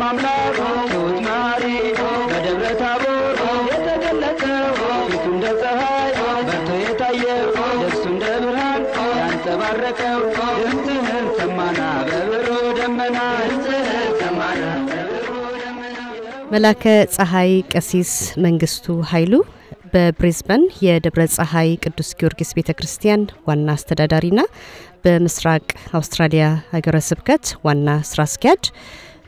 ማርያም አምላክ በደብረ ታቦር ፊቱ እንደ ፀሐይ በርቶ እንደ ብርሃን ያንጸባረቀው ድምፅህን ሰማና በብሩ ደመና ድምፅህን ሰማና መላከ ፀሐይ ቀሲስ መንግስቱ ኃይሉ በብሪዝበን የደብረ ፀሐይ ቅዱስ ጊዮርጊስ ቤተ ክርስቲያን ዋና አስተዳዳሪና በምስራቅ አውስትራሊያ ሀገረ ስብከት ዋና ስራ አስኪያጅ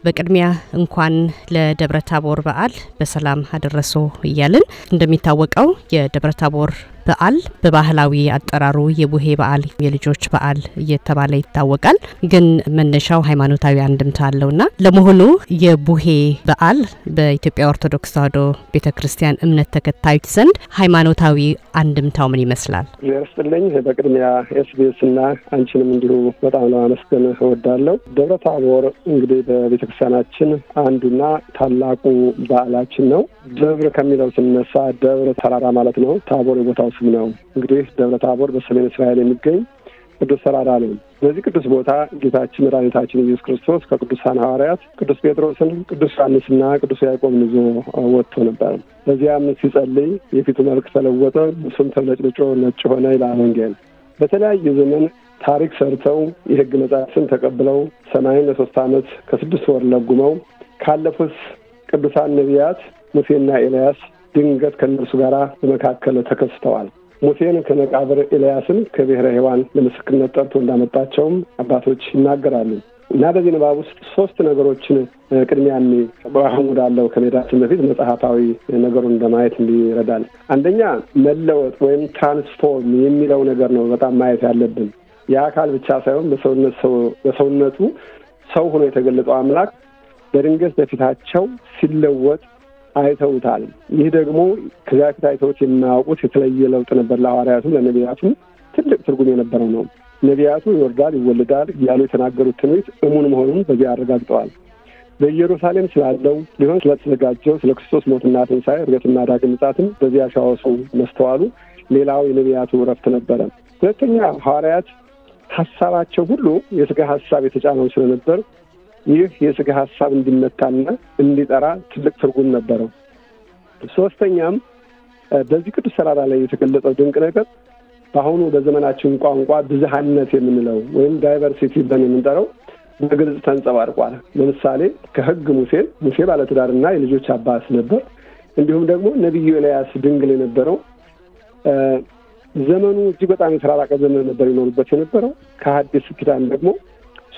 በቅድሚያ እንኳን ለደብረ ታቦር በዓል በሰላም አደረሶ እያልን እንደሚታወቀው የደብረ ታቦር በዓል በባህላዊ አጠራሩ የቡሄ በዓል የልጆች በዓል እየተባለ ይታወቃል። ግን መነሻው ሃይማኖታዊ አንድምታ አለውና ለመሆኑ የቡሄ በዓል በኢትዮጵያ ኦርቶዶክስ ተዋሕዶ ቤተ ክርስቲያን እምነት ተከታዮች ዘንድ ሃይማኖታዊ አንድምታው ምን ይመስላል? ያስጥልኝ በቅድሚያ ኤስቢኤስና አንቺንም እንዲሁ በጣም ለማመስገን እወዳለሁ። ደብረ ታቦር እንግዲህ በቤተ ክርስቲያናችን አንዱና ታላቁ በዓላችን ነው። ደብር ከሚለው ስንነሳ ደብር ተራራ ማለት ነው። ታቦር የቦታው ስም ነው። እንግዲህ ደብረ ታቦር በሰሜን እስራኤል የሚገኝ ቅዱስ ተራራ ነው። በዚህ ቅዱስ ቦታ ጌታችን መድኃኒታችን ኢየሱስ ክርስቶስ ከቅዱሳን ሐዋርያት ቅዱስ ጴጥሮስን፣ ቅዱስ ዮሐንስና ቅዱስ ያዕቆብን ይዞ ወጥቶ ነበር። በዚያም ሲጸልይ የፊቱ መልክ ተለወጠ፣ እሱም ተብለጭልጮ ነጭ ሆነ ይላል ወንጌል። በተለያየ ዘመን ታሪክ ሰርተው የሕግ መጻሕፍትን ተቀብለው ሰማይን ለሶስት ዓመት ከስድስት ወር ለጉመው ካለፉት ቅዱሳን ነቢያት ሙሴና ኤልያስ ድንገት ከእነርሱ ጋር በመካከል ተከስተዋል። ሙሴን ከመቃብር ኤልያስን ከብሔረ ሕያዋን ለምስክርነት ጠርቶ እንዳመጣቸውም አባቶች ይናገራሉ። እና በዚህ ንባብ ውስጥ ሶስት ነገሮችን ቅድሚያ በአሁን ወዳለው ከመሄዳችን በፊት መጽሐፋዊ ነገሩን ለማየት እንዲረዳል። አንደኛ መለወጥ ወይም ትራንስፎርም የሚለው ነገር ነው በጣም ማየት ያለብን። የአካል ብቻ ሳይሆን በሰውነቱ ሰው ሆኖ የተገለጠው አምላክ በድንገት በፊታቸው ሲለወጥ አይተውታል። ይህ ደግሞ ከዚያ ፊት አይተውት የማያውቁት የተለየ ለውጥ ነበር። ለሐዋርያቱም ለነቢያቱም ትልቅ ትርጉም የነበረው ነው። ነቢያቱ ይወርዳል ይወልዳል እያሉ የተናገሩት ትንቢት እሙን መሆኑን በዚያ አረጋግጠዋል። በኢየሩሳሌም ስላለው ሊሆን ስለተዘጋጀው ስለ ክርስቶስ ሞትና ትንሣኤ እርገትና ዳግም ምጽአትም በዚያ ሻወሱ መስተዋሉ ሌላው የነቢያቱ እረፍት ነበረ። ሁለተኛ ሐዋርያት ሀሳባቸው ሁሉ የስጋ ሀሳብ የተጫነው ስለነበር ይህ የስጋ ሀሳብ እንዲመታና እንዲጠራ ትልቅ ትርጉም ነበረው። ሶስተኛም በዚህ ቅዱስ ተራራ ላይ የተገለጸው ድንቅ ነገር በአሁኑ በዘመናችን ቋንቋ ብዝሃነት የምንለው ወይም ዳይቨርሲቲ ብለን በግልጽ ተንጸባርቋል። ለምሳሌ ከህግ ሙሴ ሙሴ ባለትዳርና የልጆች አባት ነበር። እንዲሁም ደግሞ ነቢዩ ኤልያስ ድንግል የነበረው ዘመኑ እጅግ በጣም የተራራቀ ዘመን ነበር ይኖሩበት የነበረው። ከሐዲስ ኪዳን ደግሞ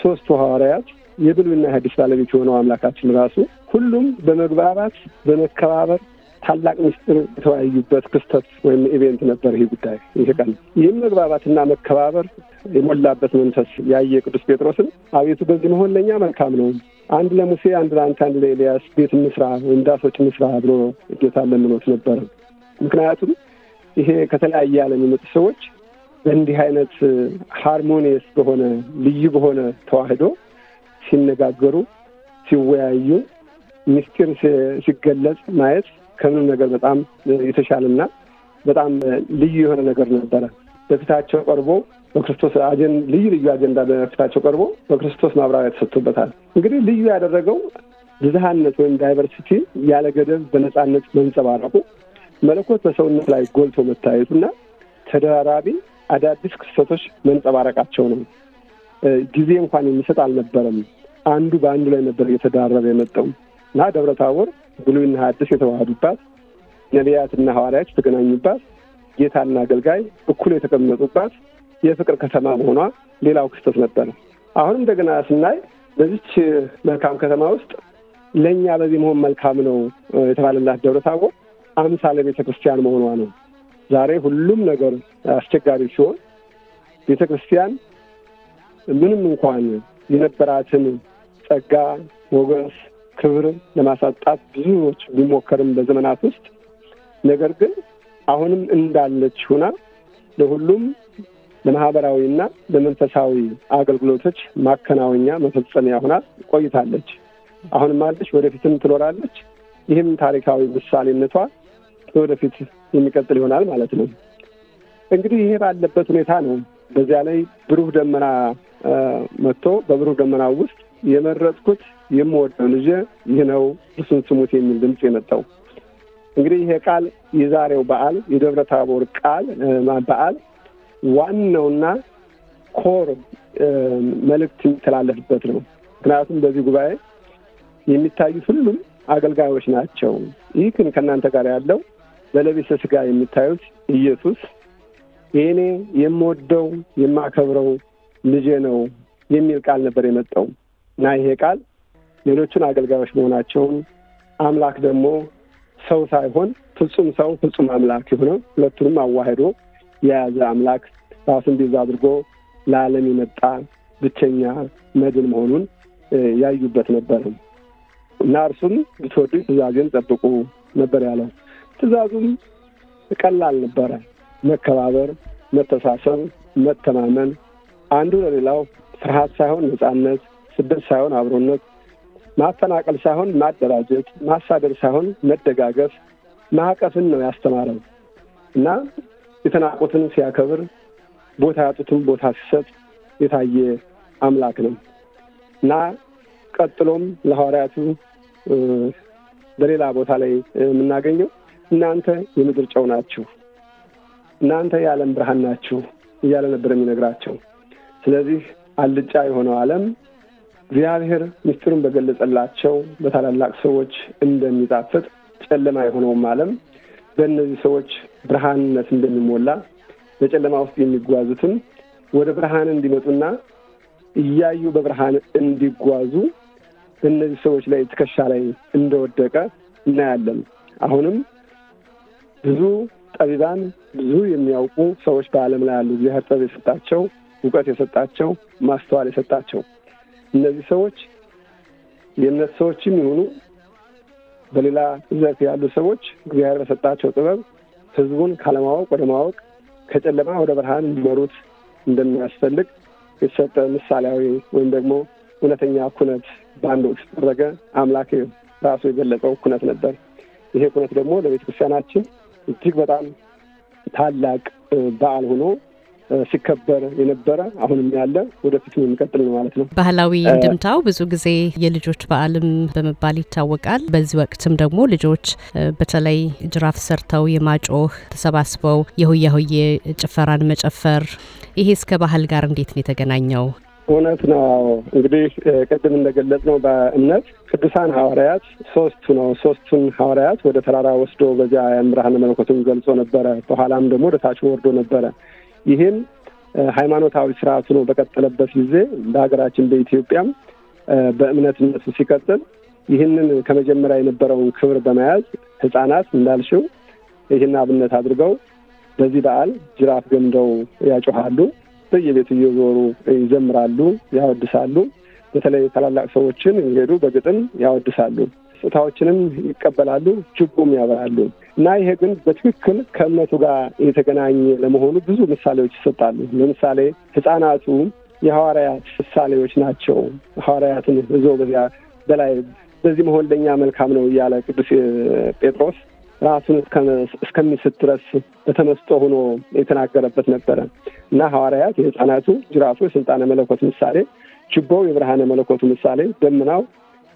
ሶስቱ ሐዋርያት የብሉይና ሐዲስ ባለቤት የሆነው አምላካችን ራሱ ሁሉም በመግባባት በመከባበር ታላቅ ምስጢር የተወያዩበት ክስተት ወይም ኢቬንት ነበር። ይሄ ጉዳይ ይሄ ቀን ይህም መግባባትና መከባበር የሞላበት መንፈስ ያየ ቅዱስ ጴጥሮስን አቤቱ በዚህ መሆን ለእኛ መልካም ነው አንድ ለሙሴ አንድ ለአንተ አንድ ለኤልያስ ቤት ምስራ ወይም ዳሶች ምስራ ብሎ ጌታ ለምኖት ነበር። ምክንያቱም ይሄ ከተለያየ ዓለም የመጡ ሰዎች በእንዲህ አይነት ሃርሞኒየስ በሆነ ልዩ በሆነ ተዋህዶ ሲነጋገሩ፣ ሲወያዩ፣ ምስጢር ሲገለጽ ማየት ከምንም ነገር በጣም የተሻለና በጣም ልዩ የሆነ ነገር ነበረ። በፊታቸው ቀርቦ በክርስቶስ ልዩ ልዩ አጀንዳ በፊታቸው ቀርቦ በክርስቶስ ማብራሪያ ተሰጥቶበታል። እንግዲህ ልዩ ያደረገው ብዝሃነት ወይም ዳይቨርሲቲ ያለ ገደብ በነፃነት መንጸባረቁ፣ መለኮት በሰውነት ላይ ጎልቶ መታየቱና ተደራራቢ አዳዲስ ክስተቶች መንጸባረቃቸው ነው። ጊዜ እንኳን የሚሰጥ አልነበረም። አንዱ በአንዱ ላይ ነበር እየተዳረበ የመጣው እና ደብረ ታቦር ብሉይና ሐዲስ የተዋሃዱባት፣ ነቢያትና ሐዋርያት የተገናኙባት፣ ጌታና አገልጋይ እኩል የተቀመጡባት የፍቅር ከተማ መሆኗ ሌላው ክስተት ነበረ። አሁንም እንደገና ስናይ በዚች መልካም ከተማ ውስጥ ለእኛ በዚህ መሆን መልካም ነው የተባለላት ደብረ ታቦር አምሳለ ቤተ ክርስቲያን መሆኗ ነው። ዛሬ ሁሉም ነገር አስቸጋሪ ሲሆን ቤተ ክርስቲያን ምንም እንኳን የነበራትን ጸጋ፣ ሞገስ፣ ክብር ለማሳጣት ብዙዎች ቢሞከርም በዘመናት ውስጥ ነገር ግን አሁንም እንዳለች ሁና ለሁሉም ለማህበራዊና ለመንፈሳዊ አገልግሎቶች ማከናወኛ መፈጸሚያ ሁና ቆይታለች። አሁንም አለች፣ ወደፊትም ትኖራለች። ይህም ታሪካዊ ምሳሌነቷ ወደፊት የሚቀጥል ይሆናል ማለት ነው። እንግዲህ ይሄ ባለበት ሁኔታ ነው። በዚያ ላይ ብሩህ ደመና መጥቶ በብሩህ ደመና ውስጥ የመረጥኩት የምወደው ልጄ ይህ ነው እሱን ስሙት የሚል ድምፅ የመጣው እንግዲህ ይሄ ቃል የዛሬው በዓል የደብረ ታቦር ቃል በዓል ዋናውና ኮር መልእክት የሚተላለፍበት ነው። ምክንያቱም በዚህ ጉባኤ የሚታዩት ሁሉም አገልጋዮች ናቸው። ይህ ግን ከእናንተ ጋር ያለው በለቢሰ ስጋ የሚታዩት ኢየሱስ የእኔ የምወደው የማከብረው ልጄ ነው የሚል ቃል ነበር የመጣው። እና ይሄ ቃል ሌሎቹን አገልጋዮች መሆናቸውን አምላክ ደግሞ ሰው ሳይሆን ፍጹም ሰው ፍጹም አምላክ የሆነ ሁለቱንም አዋህዶ የያዘ አምላክ ራሱን ቤዛ አድርጎ ለዓለም የመጣ ብቸኛ መድን መሆኑን ያዩበት ነበረ እና እርሱም ብትወዱኝ ትእዛዜን ጠብቁ ነበር ያለው። ትእዛዙም ቀላል ነበረ። መከባበር፣ መተሳሰብ፣ መተማመን፣ አንዱ ለሌላው ፍርሃት ሳይሆን ነጻነት፣ ስደት ሳይሆን አብሮነት፣ ማፈናቀል ሳይሆን ማደራጀት፣ ማሳደር ሳይሆን መደጋገፍ ማዕቀፍን ነው ያስተማረው እና የተናቁትን ሲያከብር ቦታ ያጡትን ቦታ ሲሰጥ የታየ አምላክ ነው እና ቀጥሎም ለሐዋርያቱ በሌላ ቦታ ላይ የምናገኘው እናንተ የምድር ጨው ናችሁ፣ እናንተ የዓለም ብርሃን ናችሁ እያለ ነበር የሚነግራቸው። ስለዚህ አልጫ የሆነው ዓለም እግዚአብሔር ምስጢሩን በገለጸላቸው በታላላቅ ሰዎች እንደሚጣፍጥ ጨለማ የሆነውም ዓለም በእነዚህ ሰዎች ብርሃንነት እንደሚሞላ በጨለማ ውስጥ የሚጓዙትን ወደ ብርሃን እንዲመጡና እያዩ በብርሃን እንዲጓዙ በእነዚህ ሰዎች ላይ ትከሻ ላይ እንደወደቀ እናያለን። አሁንም ብዙ ጠቢባን፣ ብዙ የሚያውቁ ሰዎች በዓለም ላይ አሉ። እግዚአብሔር ጥበብ የሰጣቸው፣ እውቀት የሰጣቸው፣ ማስተዋል የሰጣቸው እነዚህ ሰዎች የእምነት ሰዎችም ይሁኑ በሌላ ዘርፍ ያሉ ሰዎች እግዚአብሔር በሰጣቸው ጥበብ ህዝቡን ካለማወቅ ወደ ማወቅ ከጨለማ ወደ ብርሃን ሊመሩት እንደሚያስፈልግ የተሰጠ ምሳሌያዊ ወይም ደግሞ እውነተኛ ኩነት በአንድ ወቅት ተደረገ። አምላክ ራሱ የገለጸው ኩነት ነበር። ይሄ ኩነት ደግሞ ለቤተክርስቲያናችን እጅግ በጣም ታላቅ በዓል ሆኖ ሲከበር የነበረ አሁንም ያለ ወደፊት የሚቀጥል ነው ማለት ነው። ባህላዊ እንድምታው ብዙ ጊዜ የልጆች በዓልም በመባል ይታወቃል። በዚህ ወቅትም ደግሞ ልጆች በተለይ ጅራፍ ሰርተው የማጮህ ተሰባስበው የሆያ ጭፈራን መጨፈር፣ ይሄ እስከ ባህል ጋር እንዴት ነው የተገናኘው? እውነት ነው። እንግዲህ ቅድም እንደገለጽ ነው በእምነት ቅዱሳን ሐዋርያት ሶስቱ ነው። ሶስቱን ሐዋርያት ወደ ተራራ ወስዶ በዚያ የምርሃነ መለኮቱን ገልጾ ነበረ። በኋላም ደግሞ ወደ ታች ወርዶ ነበረ። ይህም ሃይማኖታዊ ስርዓቱ ነው በቀጠለበት ጊዜ በሀገራችን በኢትዮጵያ በኢትዮጵያም በእምነትነቱ ሲቀጥል ይህንን ከመጀመሪያ የነበረውን ክብር በመያዝ ህጻናት እንዳልሽው ይህን አብነት አድርገው በዚህ በዓል ጅራፍ ገምደው ያጮሃሉ፣ በየቤቱ እየዞሩ ይዘምራሉ፣ ያወድሳሉ። በተለይ ታላላቅ ሰዎችን እንሄዱ በግጥም ያወድሳሉ። ስጦታዎችንም ይቀበላሉ፣ ችቦም ያበራሉ እና ይሄ ግን በትክክል ከእምነቱ ጋር የተገናኘ ለመሆኑ ብዙ ምሳሌዎች ይሰጣሉ። ለምሳሌ ሕፃናቱ የሐዋርያት ምሳሌዎች ናቸው። ሐዋርያትን እዞ በዚያ በላይ በዚህ መሆን ለእኛ መልካም ነው እያለ ቅዱስ ጴጥሮስ ራሱን እስከሚስት ድረስ በተመስጦ ሆኖ የተናገረበት ነበረ እና ሐዋርያት የሕፃናቱ ጅራቱ የስልጣነ መለኮት ምሳሌ፣ ችቦው የብርሃነ መለኮቱ ምሳሌ፣ ደመናው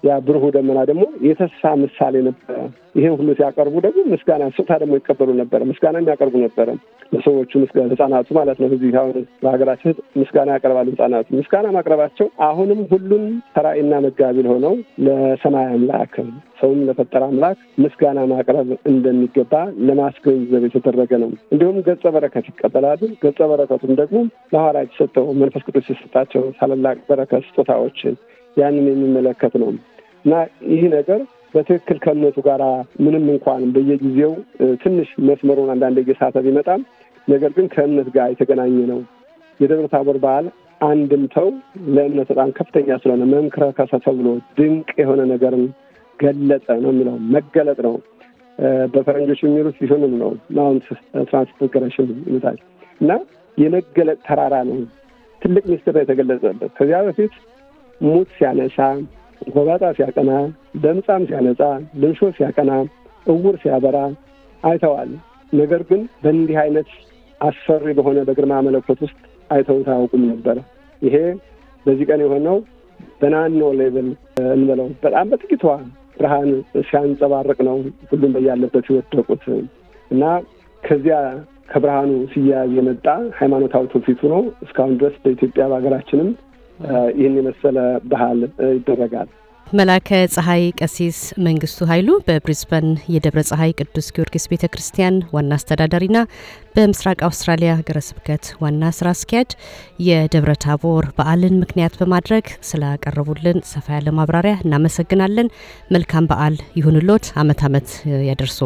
ያ ብሩህ ደመና ደግሞ የተስፋ ምሳሌ ነበረ። ይህን ሁሉ ሲያቀርቡ ደግሞ ምስጋና ስታ ደግሞ ይቀበሉ ነበረ። ምስጋና የሚያቀርቡ ነበረ ለሰዎቹ ህጻናቱ ማለት ነው። እዚህ አሁን በሀገራችን ምስጋና ያቀርባል ህጻናቱ። ምስጋና ማቅረባቸው አሁንም ሁሉን ተራኢና መጋቢ ሆነው ለሰማይ አምላክ ሰውም ለፈጠረ አምላክ ምስጋና ማቅረብ እንደሚገባ ለማስገንዘብ የተደረገ ነው። እንዲሁም ገጸ በረከት ይቀበላሉ። ገጸ በረከቱም ደግሞ ለኋላ የተሰጠው መንፈስ ቅዱስ የሰጣቸው ታላላቅ በረከት ስጦታዎችን ያንን የሚመለከት ነው። እና ይህ ነገር በትክክል ከእምነቱ ጋር ምንም እንኳን በየጊዜው ትንሽ መስመሩን አንዳንድ እየሳተ ቢመጣም ነገር ግን ከእምነት ጋር የተገናኘ ነው። የደብረ ታቦር በዓል አንድምተው ለእምነት በጣም ከፍተኛ ስለሆነ መንክረ ከሰ ተብሎ ድንቅ የሆነ ነገርን ገለጠ ነው የሚለው መገለጥ ነው። በፈረንጆች የሚሉት ሲሆንም ነው ማውንት ትራንስፊግሬሽን ይሉታል እና የመገለጥ ተራራ ነው። ትልቅ ሚስጥር የተገለጸበት ከዚያ በፊት ሙት ሲያነሳ ጎባጣ ሲያቀና፣ ለምጻም ሲያነጻ፣ ልምሾ ሲያቀና፣ እውር ሲያበራ አይተዋል። ነገር ግን በእንዲህ አይነት አስፈሪ በሆነ በግርማ መለኮት ውስጥ አይተውት አያውቁም ነበር። ይሄ በዚህ ቀን የሆነው በናኖ ሌቭል እንበለው በጣም በጥቂቷ ብርሃን ሲያንጸባርቅ ነው ሁሉም በያለበት የወደቁት እና ከዚያ ከብርሃኑ ሲያያዝ የመጣ ሃይማኖታዊ ትውፊቱ ነው። እስካሁን ድረስ በኢትዮጵያ በሀገራችንም ይህን የመሰለ ባህል ይደረጋል። መላከ ፀሐይ ቀሲስ መንግስቱ ኃይሉ በብሪዝበን የደብረ ፀሐይ ቅዱስ ጊዮርጊስ ቤተ ክርስቲያን ዋና አስተዳዳሪና በምስራቅ አውስትራሊያ ሀገረ ስብከት ዋና ስራ አስኪያጅ የደብረ ታቦር በዓልን ምክንያት በማድረግ ስላቀረቡልን ሰፋ ያለ ማብራሪያ እናመሰግናለን። መልካም በዓል ይሁንሎት። አመት አመት ያደርሶ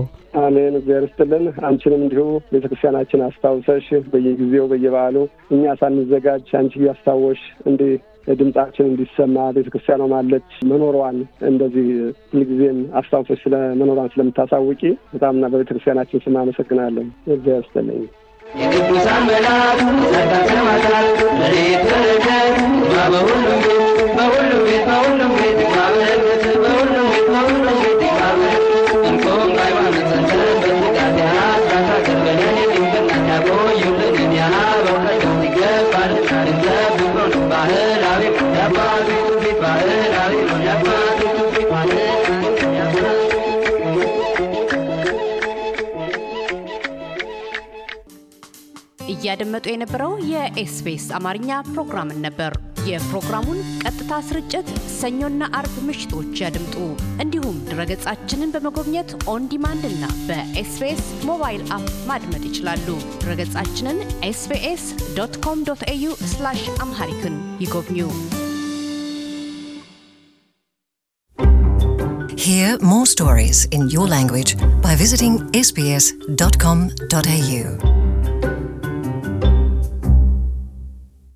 አሜን። እግዚአብሔር ይስጥልን። አንቺንም እንዲሁ ቤተክርስቲያናችን አስታውሰሽ በየጊዜው በየበዓሉ እኛ ሳንዘጋጅ አንቺ እያስታወሽ እንዲህ ድምጻችን እንዲሰማ ቤተክርስቲያኗ ማለች መኖሯን እንደዚህ ሁልጊዜም አስታውሶች ስለ መኖሯን ስለምታሳውቂ በጣምና በቤተክርስቲያናችን ስም አመሰግናለሁ። እግዚአብሔር ይስጥልኝ። የቅዱሳን መላክ ሰባተ ማሳት በሌት በረከት በሁሉም ቤት በሁሉም ቤት በሁሉም ቤት እያደመጡ የነበረው የኤስቢኤስ አማርኛ ፕሮግራምን ነበር። የፕሮግራሙን ቀጥታ ስርጭት ሰኞና አርብ ምሽቶች ያድምጡ። እንዲሁም ድረገጻችንን በመጎብኘት ኦን እና በኤስቤስ ሞባይል አፕ ማድመጥ ይችላሉ። ድረገጻችንን ኤስቤስ ዶት ኮም ዶት ኤዩ አምሃሪክን ይጎብኙ። Hear more stories in your language by visiting sbs.com.au.